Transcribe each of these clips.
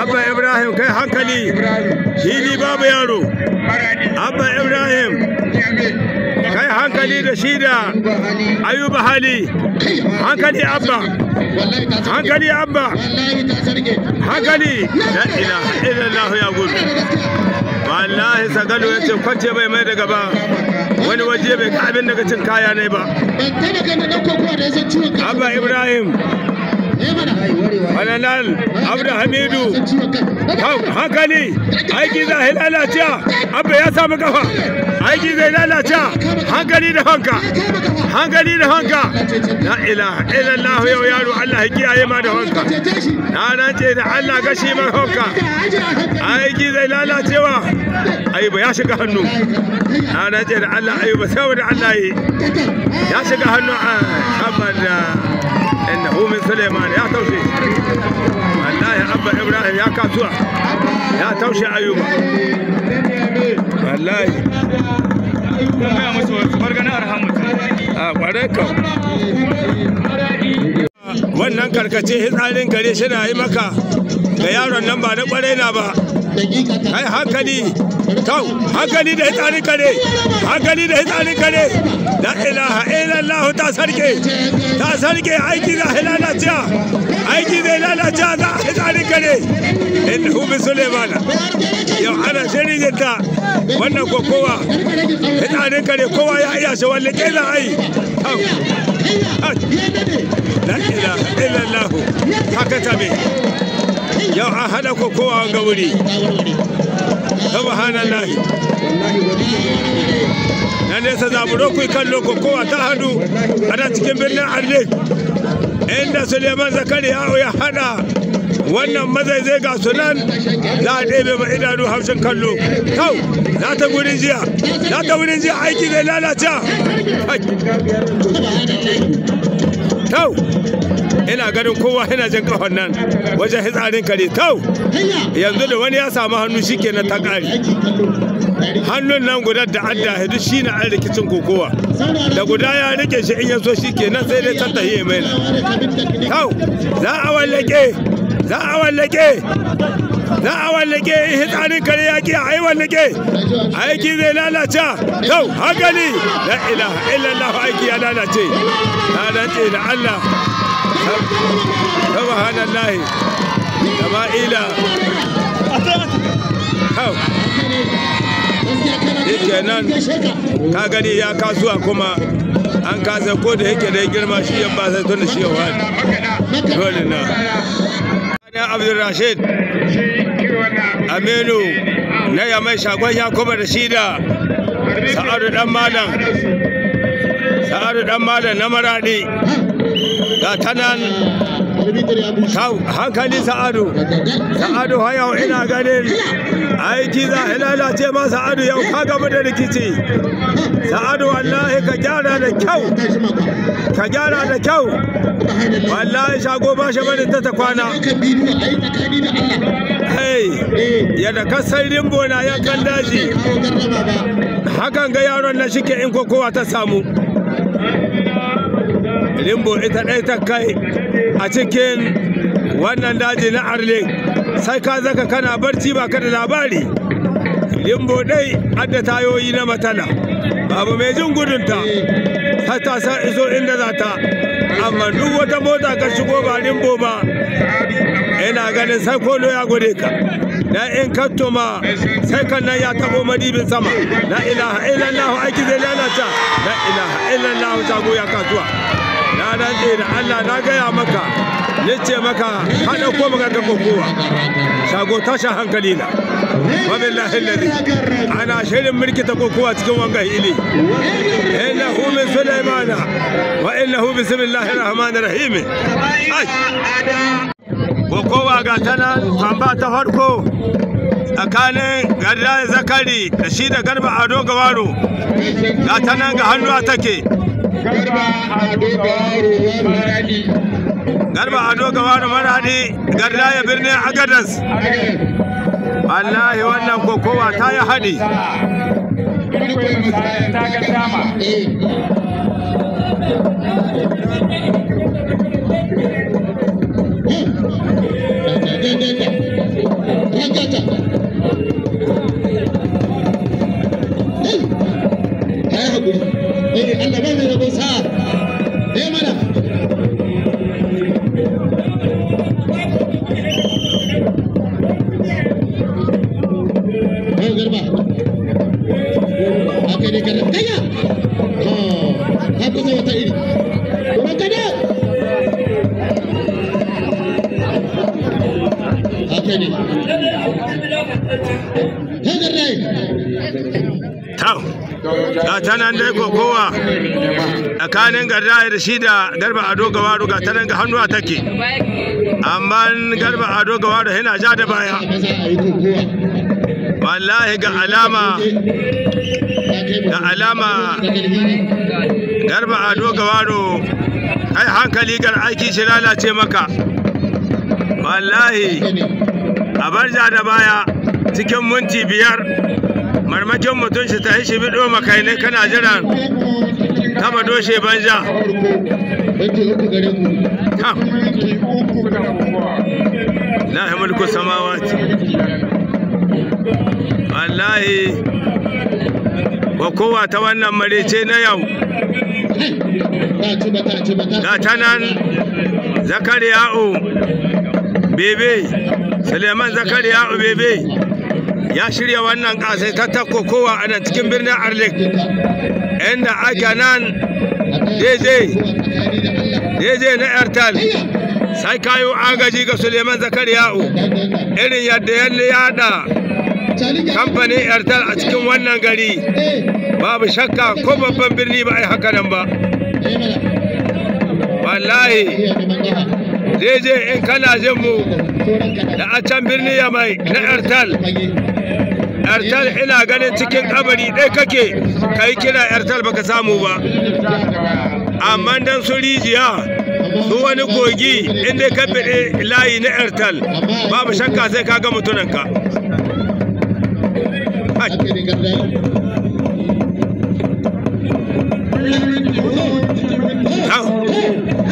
abba ibrahim kai hankali ne babu yaro abba ibrahim kai hankali da shi da ayuba hali hankali abba hankali abba hankali la ilaha illallah ya gudu wallahi sagalo ya ce kwance bai mai da gaba wani waje bai ga abin daga cin kaya ne ba abba ibrahim Fananan Abdu Hamidu hankali aiki zai lalace abu ya samu kafa aiki zai lalace hankali da hanka hankali da hanka la ilaha illallah yau yaro Allah ya kiyaye ma da hanka na rance da Allah gashi mai hanka aiki zai lalacewa ayuba ya shiga hannu na rance da Allah ayuba saboda Allah ya shiga hannu a ah, saboda هو من ya يا توشي الله Ibrahim ya kasuwa ya taushe Ayuba wallahi wannan karkace hitsarin kare shi na yi maka ga yaron nan ba da kwarai ba kai hankali kau hankali da hitsarin kare hankali da hitsarin kare da ilaha illallah ta sarki ta sarki aiki za a lalacewa aiki zai lalacewa za a hitsarin kare in humi sulemana yau ana shirin yadda wannan ko kowa hitsarin kare kowa ya iya shi wani ƙila ai la ilaha illallah haka ta yau an haɗa kokowa ga wuri subhanallahi nan zaburo ku kallo kokowa ta hadu ana cikin birnin arlik inda suleiman zakari ya hada wannan mazaizai ga sunan nan za a ɗebe ma idanu haushin kallo kau za ta wurin jiya za ta jiya aiki zai lalata kau ina ganin kowa yana jin kafan nan wajen hitsarin kare kau yanzu da wani ya samu hannu na ta kare hannun nan guda da adda hidu shi na an rikicin kokowa da guda ya rike shi in shi ke shikenan sai dai tattahiye mai kau za a wallake za a wallake za a wallake hitsarin kare yaƙi a yi wallake aiki zai lalace kau hankali la ilaha illallah aiki ya lalace na rantse da Allah subhanallahi jama'ila kenan ka gani ya kasuwa kuma an kasa ko da yake da girma shi yan ba sai tun shi ya wani dole na na abdulrashid aminu na shagon ya kuma da shi sa'adu dan malam sa'adu dan na maradi ga ta hankali sa'adu sa'adu yau ina ganin aiki za a lalace ma sa'adu yau ka gama da rikici sa'adu wallahi ka gyara da kyau ka gyara da kyau wallahi shago ba shi bane ta ta kwana hey yadda kasan rimbo na yankan daji hakan ga yaron na shike in kokowa ta samu limbo ita ɗaya ta kai a cikin wannan daji na arle sai ka zaka kana barci ba ka da labari limbo ɗai adda tayoyi na matala babu mai jin gudunta har ta sa iso inda za ta amma duk wata mota ka shigo ba limbo ba ina ganin sai kolo ya gode ka na in kantoma sai kan nan ya tabo madibin sama la ilaha illallah aiki zai lalata la ilaha illallah jago ya kasuwa na rantse da Allah na gaya maka ni ce maka haɗa ko maka ga kokowa shago tashin hankali na wabillahi lalli ana shirin mulki ta kokowa cikin wanga hili inna hu min sulaimana wa inna hu bismillahir rahmanir rahim kokowa ga tana tamba ta farko tsakanin garda zakari da shi da garba ado gawaro ga tana nan ga hannuwa take garba ado gawaro maradi garba ado maradi garda ya birni birnin agadas wallahi wannan kokowa ta yi haɗi ga ta nan dai kokowa tsakanin garda da shi da garba ado gawaro ga ta nan ga hannuwa take amma garba ado gawaro yana ja da baya wallahi ga alama ga alama garba ado gawaro kai hankali gar aiki shi lalace maka wallahi a barja da baya cikin minti biyar marmakin mutum shi ta yi shi bido makai ne kana jiran kama doshe banza lahi mulku samawati wallahi kowa ta wannan marece na yau da ta nan zakariya'u bebe suleiman zakariya'u bebe ya shirya wannan ta tako kowa a nan cikin birnin arlik inda aka nan daidai na airtel sai kayo agaji ga suleiman zakariya'u irin yadda ya yada kamfanin airtel a cikin wannan gari babu shakka ko babban birni ba a yi haka nan ba wallahi daidai in kana jin mu da a can birni ya mai na airtel Airtel ina ganin cikin kabari ɗai kake yi kira ba baka samu ba amma dan su rijiya su wani kogi inda ka fiɗe layi na Airtel babu shakka sai ka ga mutunanka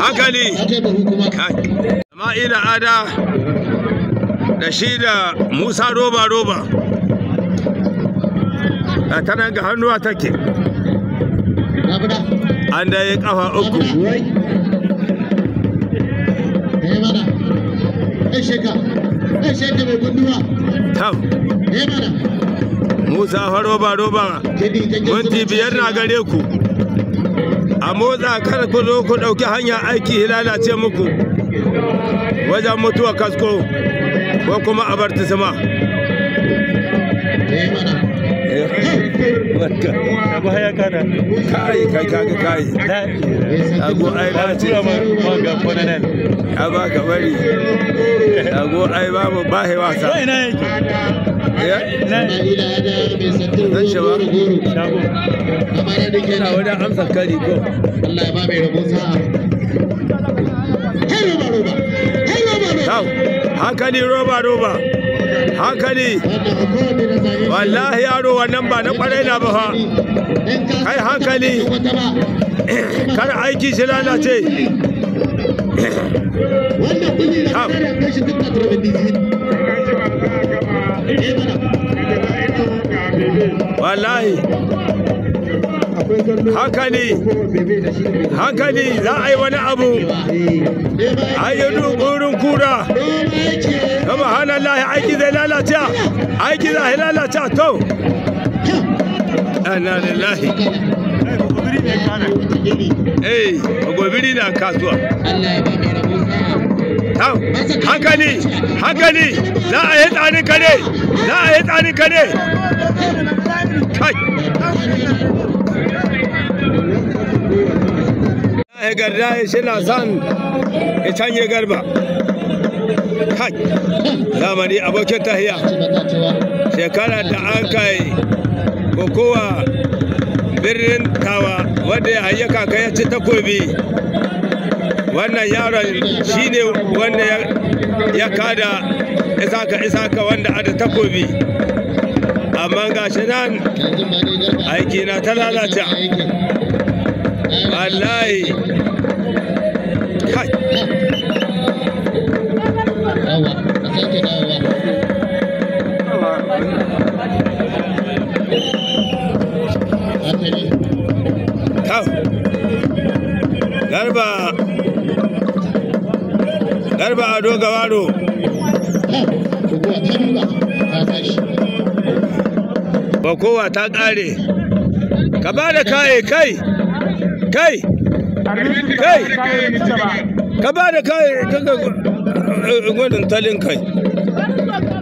hankali ma'ina ada da shi da musa roba-roba ga ta nan ga hannuwa take an da ya kafa uku eh, eh, eh, tam musa roba roba minti biyar na gare ku a motsa kar ku zo ku ɗauki hanyar aiki lalace muku wajen mutuwa kasko ko kuma abartisima. sama barka abu kana kai kai kaga kai ago ai ba ce ma ga a ba bari ago ai ba mu ba he wasa dan shawa shago amsa kari ko Allah ba mai rabo sa'a Hau, haka roba roba. haka ne wallahi yaro wannan ba na kwarai na ba fa kai hankali kar aiki shi lalace wallahi hankali hankali za a yi wani abu ayyudu burin kura kama hana lahi aiki zai lalata aiki zai lalata to ana lahi eh ogobiri na kasuwa hankali hankali za a yi tsanin kare za a yi tsanin kare kai shi shina san canye garba kai zamani abokin tahiya shekara da an kai kokowa birnin tawa wanda ya hayyaka ka ya ci takobi wannan yaron shi ne wanda ya kada isaka isaka wanda ada takobi amma ga shi nan aiki na ta lalata wallahi garba ado gawaro ba kowa ta kare ka ba da kai kai kai kai ka ba da kai eh, eh, gwanin talin kai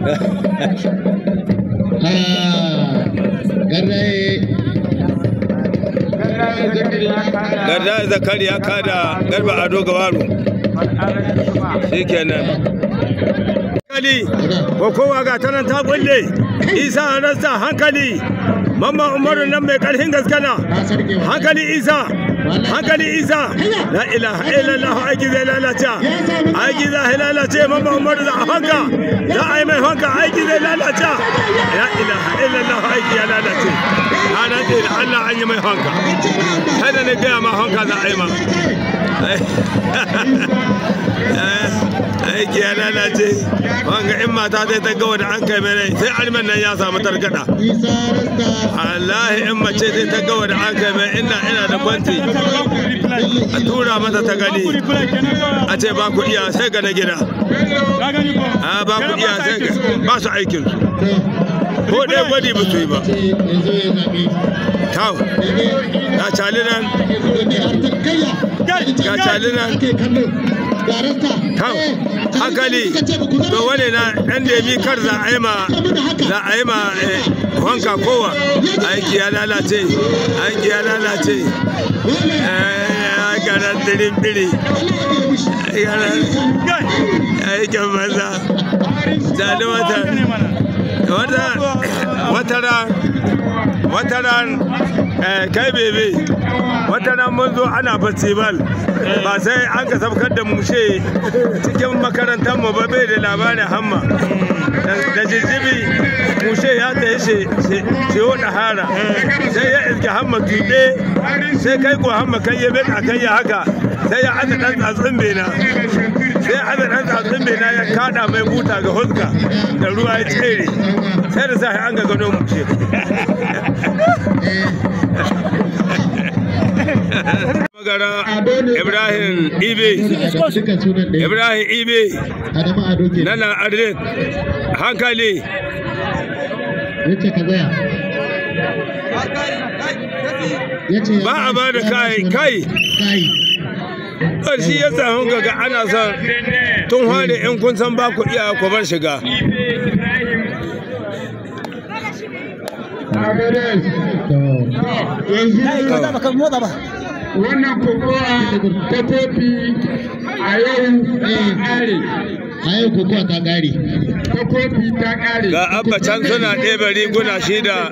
Garba zakari ya kada garba ado gawaro shikenan hankali ga tanan ta kulle isa rasta hankali mamman umaru nan mai karfin gaskana hankali isa hankali isa la ilaha illallah aiki zai lalace aiki lalace mamma za a hanka za a yi mai hanka aiki zai lalace la ilaha illallah aiki ya lalace da Allah an yi mai hanka kada ne gaya ma hanka za a yi ma Eh, aiki ya lalace wanga in mata ta ta an kai sai alman nan ya samu targada wallahi in mace ta ta an kai ina ina da a tura mata ta gani a ce ba ku iya sai ga na gida a ba ku iya sai ba su aikin ko gwadi ba su yi ba kawo na cali nan ga cali nan kan eh, hakali to wane na da yi kar za a yi ma za a yi ma eh, wanka kowa yi ya lalace eh, a ya lalace gara dirin biri gara aikin banza zali wata wata wata ran Eh, kai bebe wata nan mun zo ana festival ba sai an ka sabkar da mushe cikin makarantar mu ba bai da labarin hamma da jijjibi mushe ya ta yi o da hara sai ya iske hamma tuɗe sai kai ko hamma kan yi bin a kan ya haka sai ya aza ɗan tsatsin bena sai aza ɗan tsatsin bena ya kaɗa mai buta ga huska da ruwa ya tsere sai da sa an ga gano mushe magara ibrahim ibe ibrahim ibe nana adrin hankali ba a ba da kai kai ƙarshi ya samu gaga ana son tun hane in kun san ba ku iya ku bar ka wannan kokowa ta kofi a yau a yau kokowa ta ta kofi ta ga abba can suna ɗebe riguna shi da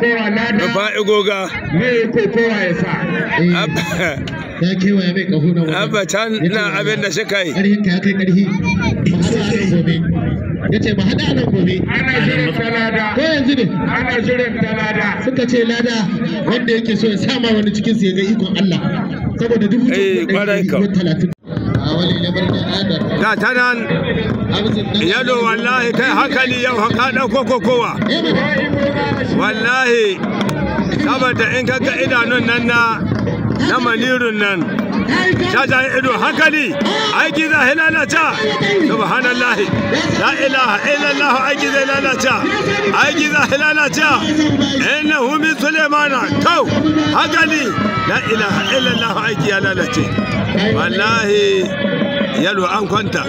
rufa igoga kokowa ya sa eh. ya kewaye mai na wani abba can na abin da shi kai kai ba har gobe na ce ba haɗa nan gobe ana shirin ta lada ko yanzu ne ana shirin ta lada suka ce lada wanda yake so ya sama wani cikin su ya ga ikon Allah saboda dubu eh, talatin ga ta nan yalo wallahi kai hankali yau haka ɗauko ko kowa eh, wallahi saboda in kaga idanun nan na na malirin nan jajayen ido hankali aiki za a lalata subhanallah la ilaha illallah aiki za a lalata aiki za a lalata innahu min sulaimana kau hankali la ilaha illallah aiki ya lalace wallahi yalo an kwanta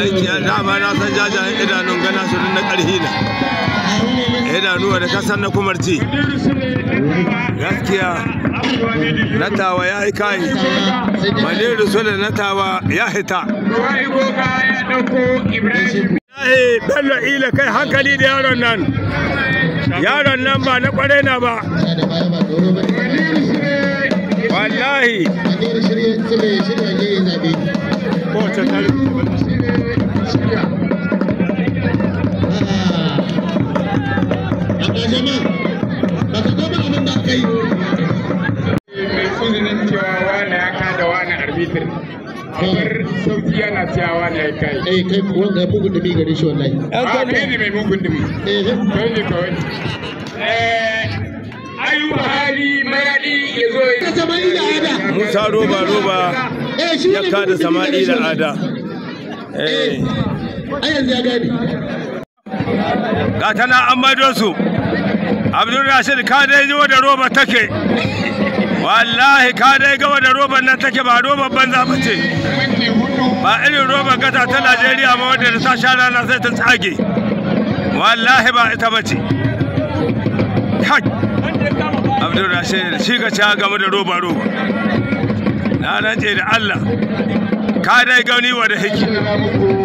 aiki ya dama na san jajayen idanun gana su na karhi na idanuwa da kasar na kumarci gaskiya natawa ya yi kayi maniru so da natawa ya hita bello ila kai hankali da yaron nan yaron nan ba na kwarai na ba wallahi kowace tarihi da jama'a aka yi da kamar eh. sauki yana cewa wani ya kai eh kai wanda bugun dumi shi wallahi ah, ne mai bugun dumi eh kai ne kawai eh ayu hali maradi ya zo ya ada musa roba roba eh, ya kada da ada eh. eh ai yanzu ya gani tana an maido su abdul rashid ka dai ji wadda roba take wallahi ka dai ga wadda roba nan take ba roba banza ba ce ba irin roba gata ta najeriya ma wadda ta sha rana sai ta tsage wallahi ba ita ba ce abdul rashid shi ka ci ga da roba roba na ce da allah ka dai gani wadda hiki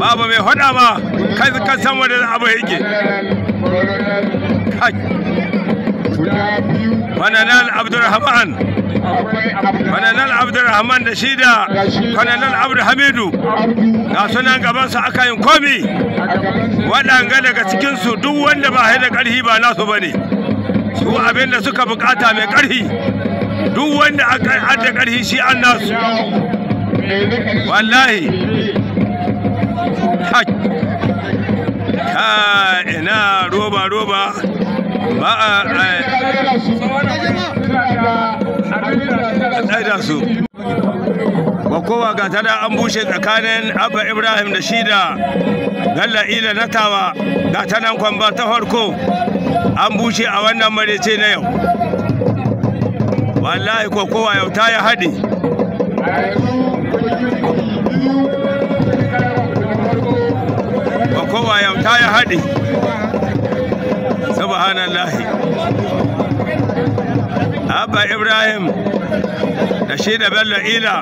babu mai hada ba kai kan san wadda abu hiki Hadi. Kwananan Abdulrahman Fananal Abdulrahman da shi da kwananan Abdulhamidu ga sunan gabansa aka yin komi waɗanga daga cikinsu duk wanda ba da ƙarfi ba nasu ba ne su abin da suka bukata mai ƙarfi duk wanda yi da ƙarfi shi an nasu wallahi ha ina roba roba ba a su kowa ga tana an bushe tsakanin abba ibrahim da shi da galla ila na tawa ga ta kwamba ta farko an bushe a wannan marece na yau wallahi ko kowa yau ta yi haɗe ko kowa yau ta yi haɗe subhanallahi abba ibrahim da shi da bello ila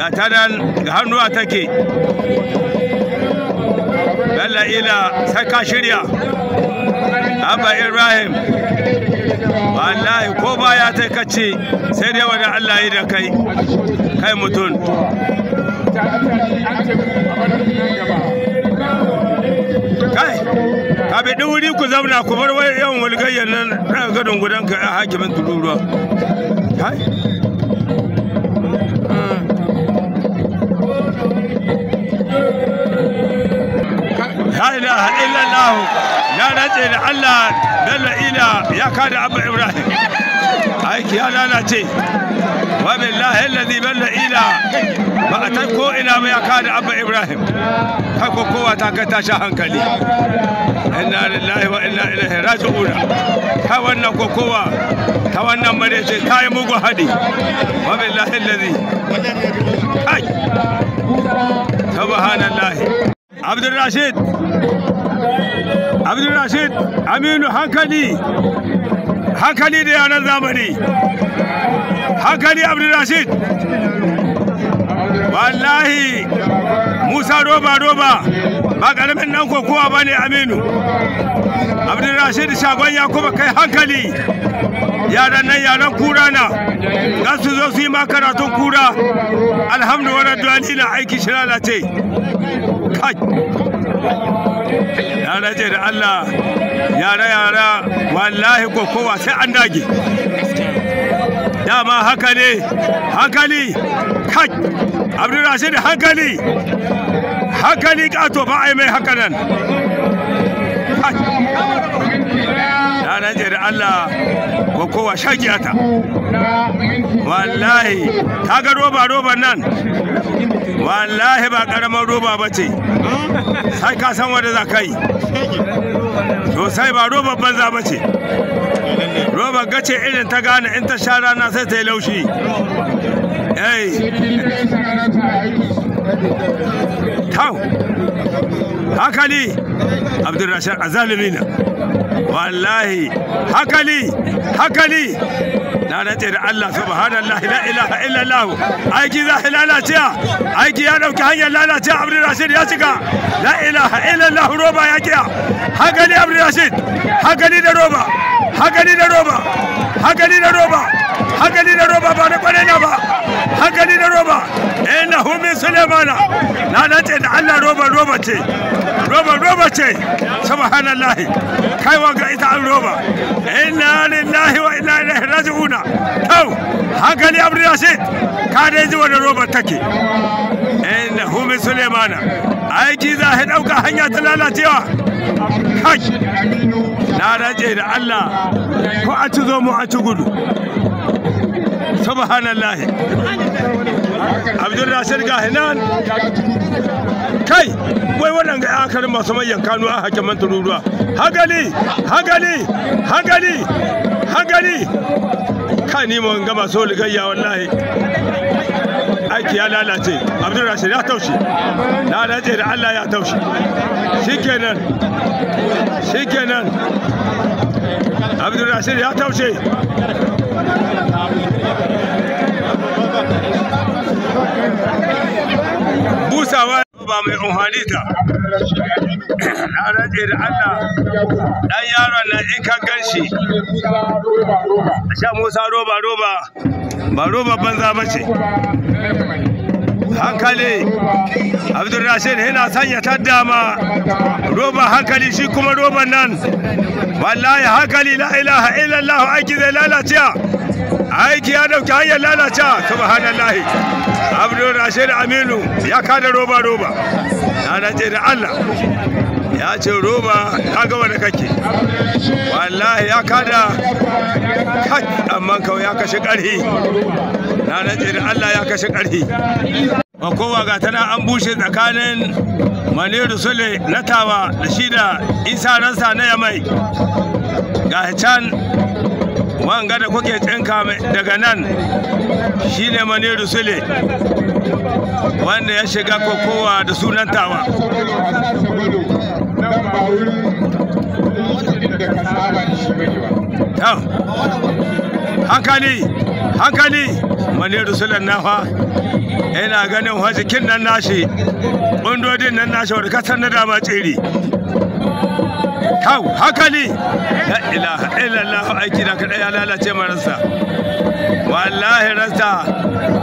ga tanan ga hannuwa take bello ila sai ka shirya abba ibrahim wallahi ko baya ta kace sai dai wani allah yi da kai kai mutum abi biɗi wuri ku zauna ku bar wai yawan walgayyar nan ɗan gadon gudan ka a hakimin tururuwa la ha illa illallah ya nace da Allah dalla ila ya kada abu ibrahim ai ki ala ya ce wa billahi alladhi balla ila ba ta ko ina ba ya kada abu ibrahim kai ko kowa ta ga ta sha hankali inna lillahi wa inna ilaihi raji'un ta wannan kokowa ta wannan marece ta yi mugu hadi wa billahi allazi ai subhanallahi abdul rashid abdul rashid aminu hankali hankali da yanar zamani hankali abdul rashid wallahi musa roba roba ba karamin nan kokowa ba ne aminu abdulrashid shagon yakuba kai hankali yaran nan yaran kura na za su zo su yi ma karatun kura alhamdulillah duwani na aiki shi lalace kai yara ce da allah yara yara wallahi kokowa sai an dage dama haka ne hankali kai abdulrashid hankali hankali kato ba a yi mai haka nan na rantse da allah ko kowa shagiyata wallahi ta ga roba roban nan wallahi ba karamar roba ba ce sai ka san wanda za ka yi sosai ba roba banza ba ce robar gace irin ta gane in ta sha rana sai ta yi laushi tau hakali abdulrashid azalimi na wallahi hakali hakali na rantse da Allah subhanallah la ilaha illallah aiki za a lalacewa aiki ya dauki hanyar lalacewa abdulrashid ya shiga la ilaha illallah roba ya kiya hakali abdulrashid hakali da roba hakali da roba hakali da roba hankali da roba ba na kwanena ba hankali da roba ina humin sulemana na nace da allah roba roba ce roba roba ce subhanallahi kai wanga ita an roba inna lillahi wa inna ilaihi raji'una to hankali abdul rashid ka dai ji wannan roba take ina humin sulemana aiki za a ɗauka hanya ta lalacewa kai na rantse da Allah ko a ci zo mu a ci gudu subhanallah abdul rashid gahinan kai wai wannan ga akarin masu mayan kanu a hakiman tururuwa hagali hagali hagali hagali kai ni mun ga masu ligayya wallahi aiki ya lalace abdul ya taushe na raje da Allah ya taushe shikenan shikenan abdul rashid ya taushe busawa ba mai amfani ta na rage da Allah dan yaron nan in ka gan shi sha musa roba roba ba roba banza ba ce hankali abdul yana sanya ta dama roba hankali shi kuma roban nan wallahi hankali la ilaha illallah aiki zai lalacewa aiki ya dauki hanyar lalacewa subhanallahi abdul rashid aminu ya kada roba roba na rantse da allah ya ce roba ka ga wani kake wallahi ya kada kai amma kawai ya kashe ƙarhi na rantse da allah ya kashe ƙarhi kowa ga tana an bushe tsakanin maniru sule latawa da shi da isa ransa na yamai ga can wanga da kuke tsinka daga nan shi ne maniru sule wanda ya shiga kokowa da sunan tawa hankali hankali maniru sulan nafa yana ganin hajjikin nan nashi ƙundodin nan nashi wadda kasar na dama tsiri kawo hakali la ilaha illallah aiki da kaɗai ya lalace marasa wallahi rasta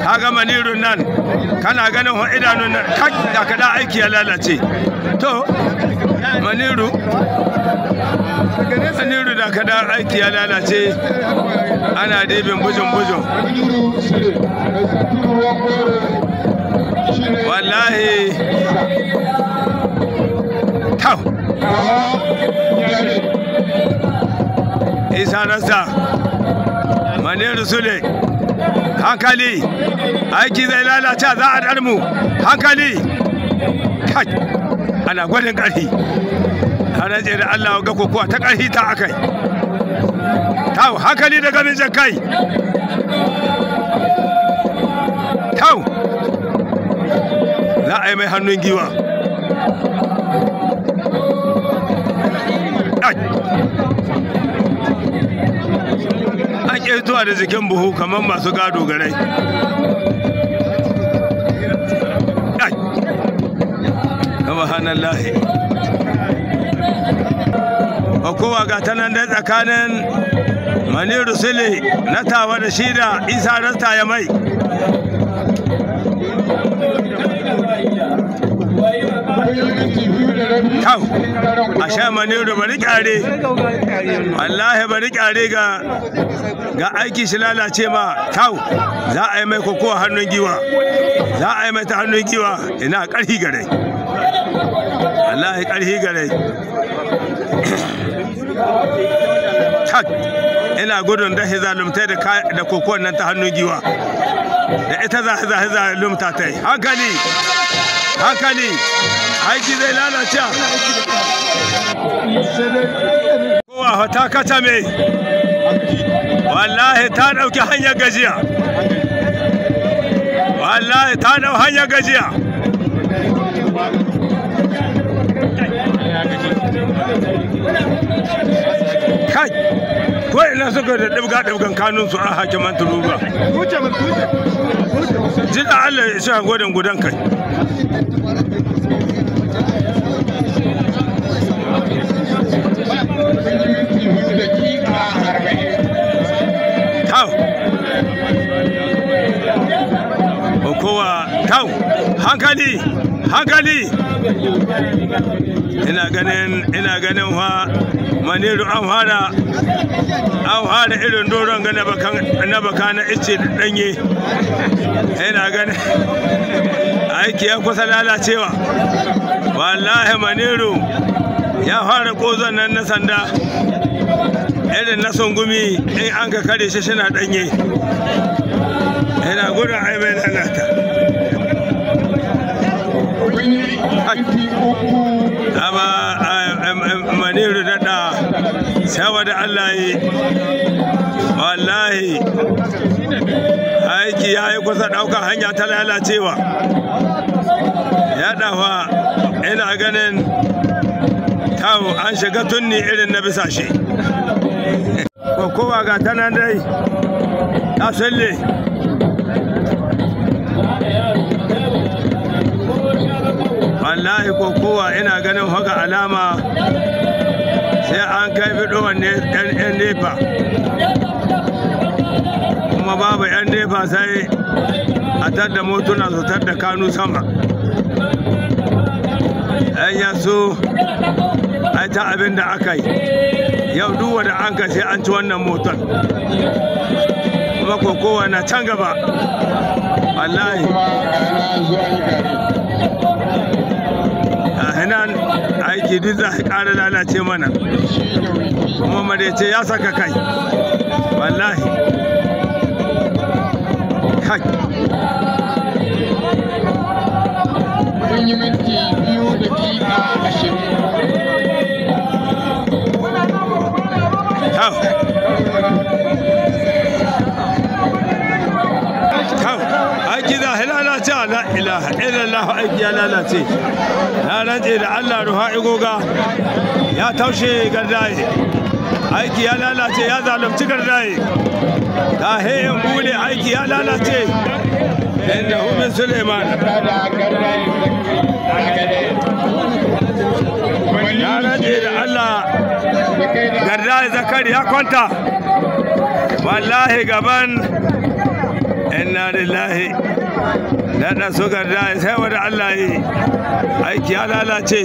ka ga manirun nan kana ganin idanun nan da kaɗa aiki ya lalace to maniru maniru da kaɗa aiki ya lalace ana dibin bujin-bujin wallahi tau isa nasa maniru sule hankali aiki zai lalata za a darmu hankali kai ana gwanin ƙarfi ranar da allawa ga kokowa ta ƙarfi ta akai tau hankali daga mijin kai tau za a yi mai hannun giwa an zuwa da jikin buhu kamar masu gado garai subhanallahi kowa ga ta tsakanin maniru sule na tawa da shi da isa rasta ya mai Tau, a sha maniru bari kyare, wallahi bari kyare ga ga aiki shi lalace ma tau za a yi mai kokowa hannun giwa, za a yi mai ta hannun giwa ina karhi gare. Wallahi karhi gare. Tak. ina gudun da shi zalumta da kokon nan ta hannun giwa da ita za zalumta ta yi hankali hankali aiki zai lalace kowa ta kata mai wallahi ta dauki hanyar gajiya wallahi ta dauki hanyar gajiya kai wai ina suka da dabga dabgan kanun su a ah, hakiman turuba jida Allah ya sha godin gudan kai Tau. Kowa tau hankali hankali ina ganin ina ganin fa maniru an fara an fara irin doron ga na baka na ice danye ina ganin aiki ya kusa lalacewa wallahi maniru ya fara kozon nan na sanda irin na sungumi in an ka kare shi shi na danye ina gudun aibai lalata dama eh, maniru daɗa saboda Allah yi wallahi aiki ya yi kusa ɗaukar hanya ta lalacewa ya ɗafa ina ganin tawo an shiga tunni irin na bisashe kowa ga tanan dai ta sulle wallahi ko kowa ina ganin haka alama sai an kai fidowar ne yan nefa kuma babu yan nefa sai a tadda motuna su tadda kanu sama yan yasu ai ta abin da aka yi yau duwa da an ka sai an ci wannan motar kuma kowa na can gaba wallahi nan aiki duk za a ƙara lalace mana kuma marece ya saka kai wallahi kai aiki da la ilaha illallah aiki ya lalace na rantse da Allah ruha igoga ya taushe gardaye aiki ya lalace ya zalunci gardaye ta bude aiki ya lalace inda hubin suleiman ya rantse da Allah gardaye zakari ya kwanta wallahi gaban inna lillahi daɗa suka da sai wani Allah yi aiki ya lalace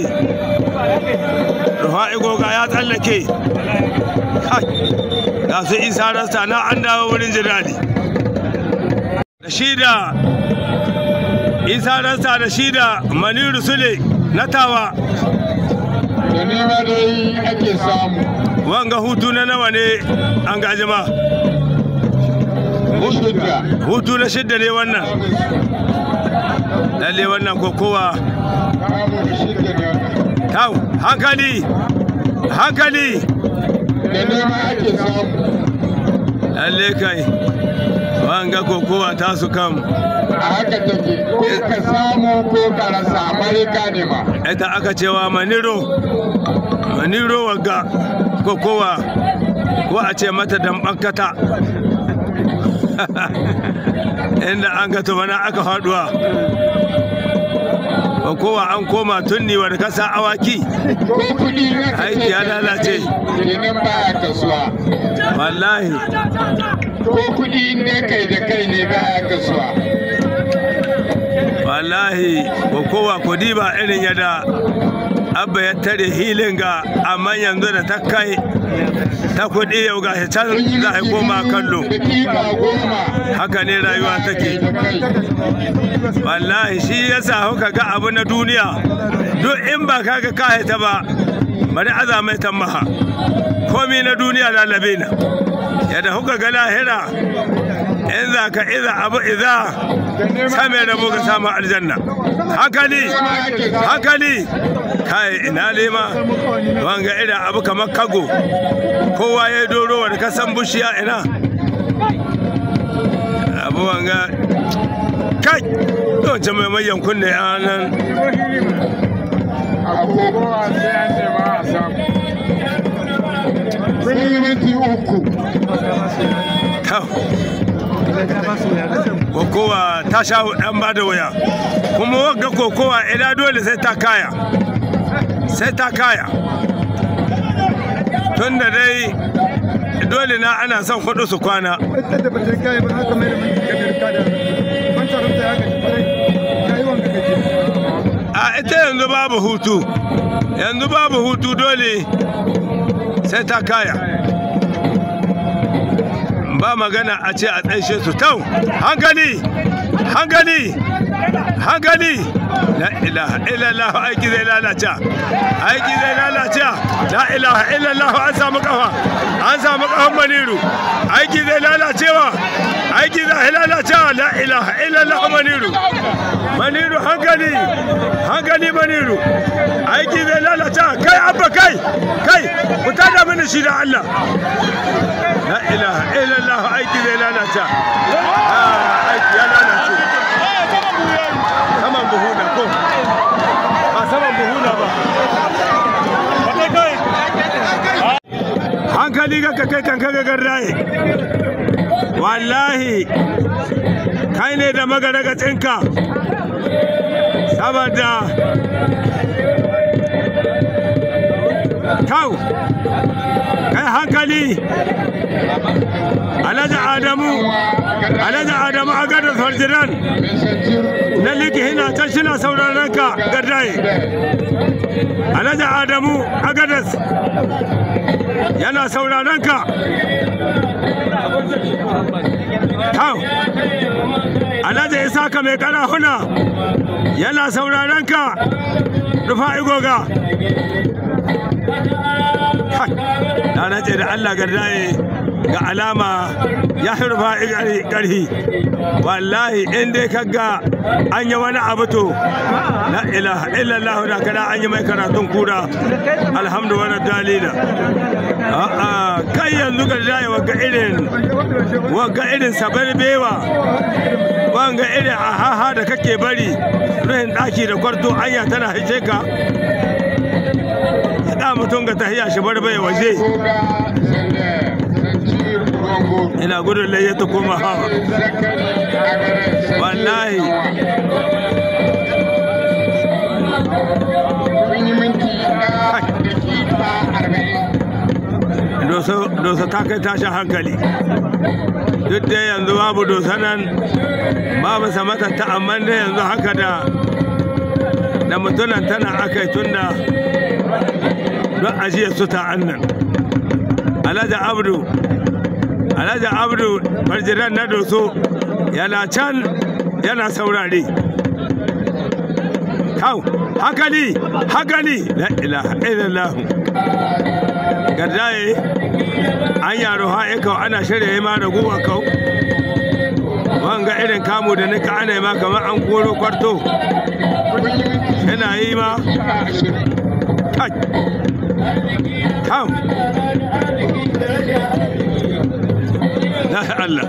rufa'i goga ya tsallake ga su isa rasta na an dawo wurin jirali da shida isa rasta da shida maniru sule na tawa da nema ake samu wanga hutu na nawa ne an gajima hutu na shidda ne wannan lalle wannan kokowa kawo hankali hankali lalle kai wanga kokowa ta su kam a haka ko ka samu ko karasa amurka ne ba ita aka cewa maniro maniro wagga kokowa ko a ce mata dambankata inda an ga tobana aka faduwa ba kowa an koma tunni wani kasa awaki aiki ya lalace wallahi ko kudi ne kai da kai ne ba ya kasuwa wallahi ba kowa kudi ba irin yadda abba ya tare hilin ga amma yanzu da ta kai ta kuɗi yau ga can za a koma kallo haka ne rayuwa take wallahi shi ya sa kuka ga abu na duniya duk in ba ka ga kahita ba bari aza mai maha komi na duniya lalabe na yadda kuka ga lahira in za ka iza abu iza same da buga samun aljanna hankali hankali kai ina lema wanga ida abu kamar kago kowa ya doro wani kasan bushiya ina abu wanga kai don jama'a mai yankun ne a nan kokowa ta sha dan ba da waya kuma wagga kokowa ila dole sai ta kaya sai ta kaya tun da dai dole na ana son kudu su kwana a ita yanzu babu hutu yanzu babu hutu dole sai ta kaya ba magana a ce a tsaishe su tau "Hangani! Hangani! Hangani! la ilaha illallah aiki zai lalata aiki zai lalata la ilaha illallah an samu kafa an samu kafan maniru aiki zai lalacewa lalacewa la ilaha illallah maniru maniru hankali hankali maniru aiki zai lalacewa kai abba kai kai fita da mini shi da Allah la ilaha illallah aiki zai lalacewa ah, aiki ya lalace saman buhuna ko ba saman ba hankali ga kankan raye wallahi kai ne da magaragacinka saboda kau kai hankali alaja adamu alaja adamu a gadon farjiran na liki hina can shina sauran ka gardaye alaja adamu a gadas yana sauran ka Alhaji Isa ka mai kara huna yana sauraron ka rufa igoga. Na nace da Allah gardaye ga alama ya fi ƙarhi. Wallahi in dai kaga an yi wani abu to la ilaha illallah da kada an yi mai karatun kura alhamdulillah. dalila. a'a kai yanzu ga jaye wanga irin wanga irin sabar bewa wanga irin haha da kake bari ruhin daki da kwarto anya tana haice ka da mutum ga tahiya shi bar bai waje ina gudun layyata kuma hawa wallahi dosa ta kai tashi hankali duk da yanzu babu dosa nan babu samata ta amma da yanzu haka da da mutunan tana aka tun da don ajiyar su ta annan alhaji abdu alhaji abdu farjiran na doso yana can yana saurare kau hakali hakali la ilaha illallah gardaye an yaro ha'ikau ana shirya ma da guwa kau wanga irin kamu da nika ana yi ma kamar an koro kwarto yana yi ma kam na Allah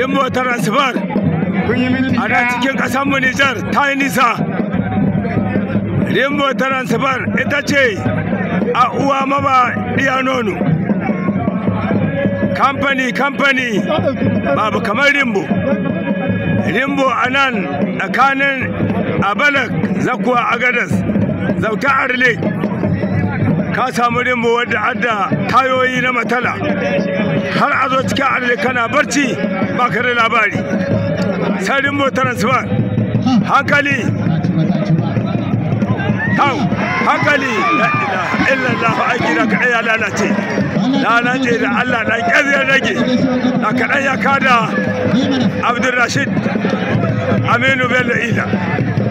yin motar asifar a cikin ƙasar mu ta yi nisa limbo transfer ita ce a uwa maba iya nono kamfani kamfani babu kamar limbo limbo a nan tsakanin abalak zakuwa agadas zauta arle ka samu limbo wadda adda tayoyi na matala har a zo cikin arle kana barci ba ka da labari sai limbo transfer hankali hau hankali la ilaha illallah aiki da kaɗai ya lalace lalace da Allah ɗan ƙyar ya rage na kaɗai ya kada Abdulrashid Aminu Bello Ila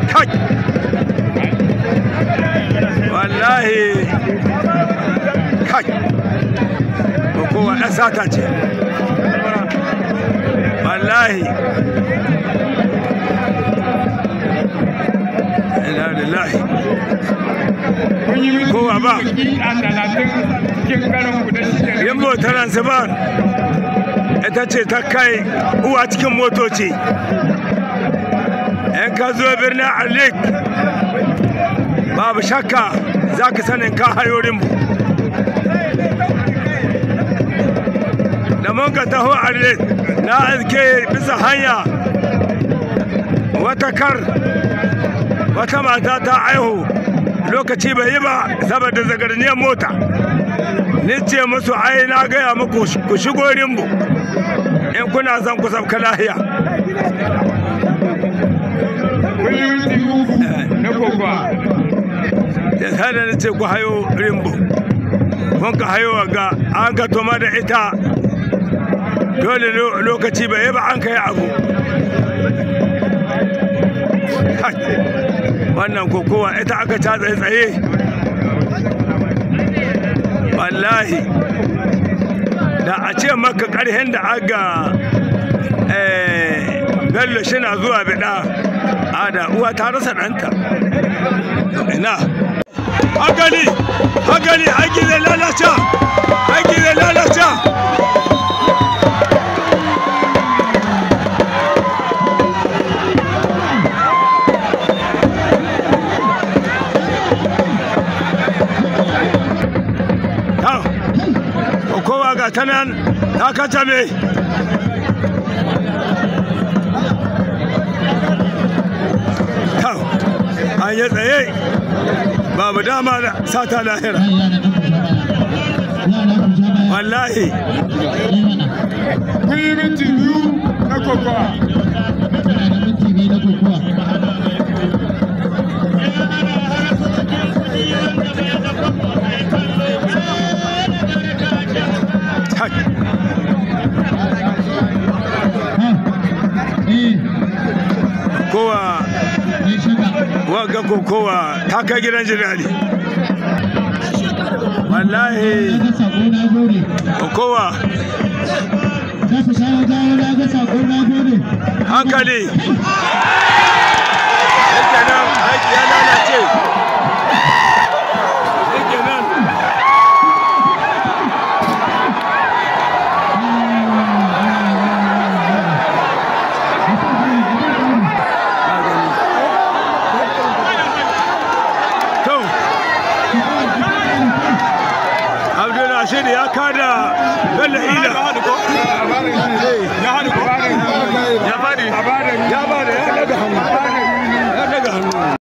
kai wallahi kai ko kowa sata ce wallahi inna lillahi kun ba ita ce ta kai uwa cikin motoci in ka zo birnin alik babu shakka za ka sanin ka hayorin da mun ka taho alik na azke bisa hanya wata kar wata mata ta aihu lokaci bai yi ba saboda zagarniyar mota ni ce musu ai na gaya muku ku shigo rimbu in kuna son ku sabka lahiya da sada na ce ku hayo rimbu kun ka hayo ga an ka toma da ita dole lokaci bai yi ba an kai abu wannan kokowa ita aka ta tsaye wallahi da a ce maka karhen da aga eh, bello shina zuwa bida a da uwa ta rasa ɗanta ina hagali hagali zai lalata haƙi zai lalata ga ta nan ta an yi tsaye babu dama da sata lahira wallahi minti biyu na kokowa ga kokowa ta kai gidan jirage wallahi kokowa hankali ya lalace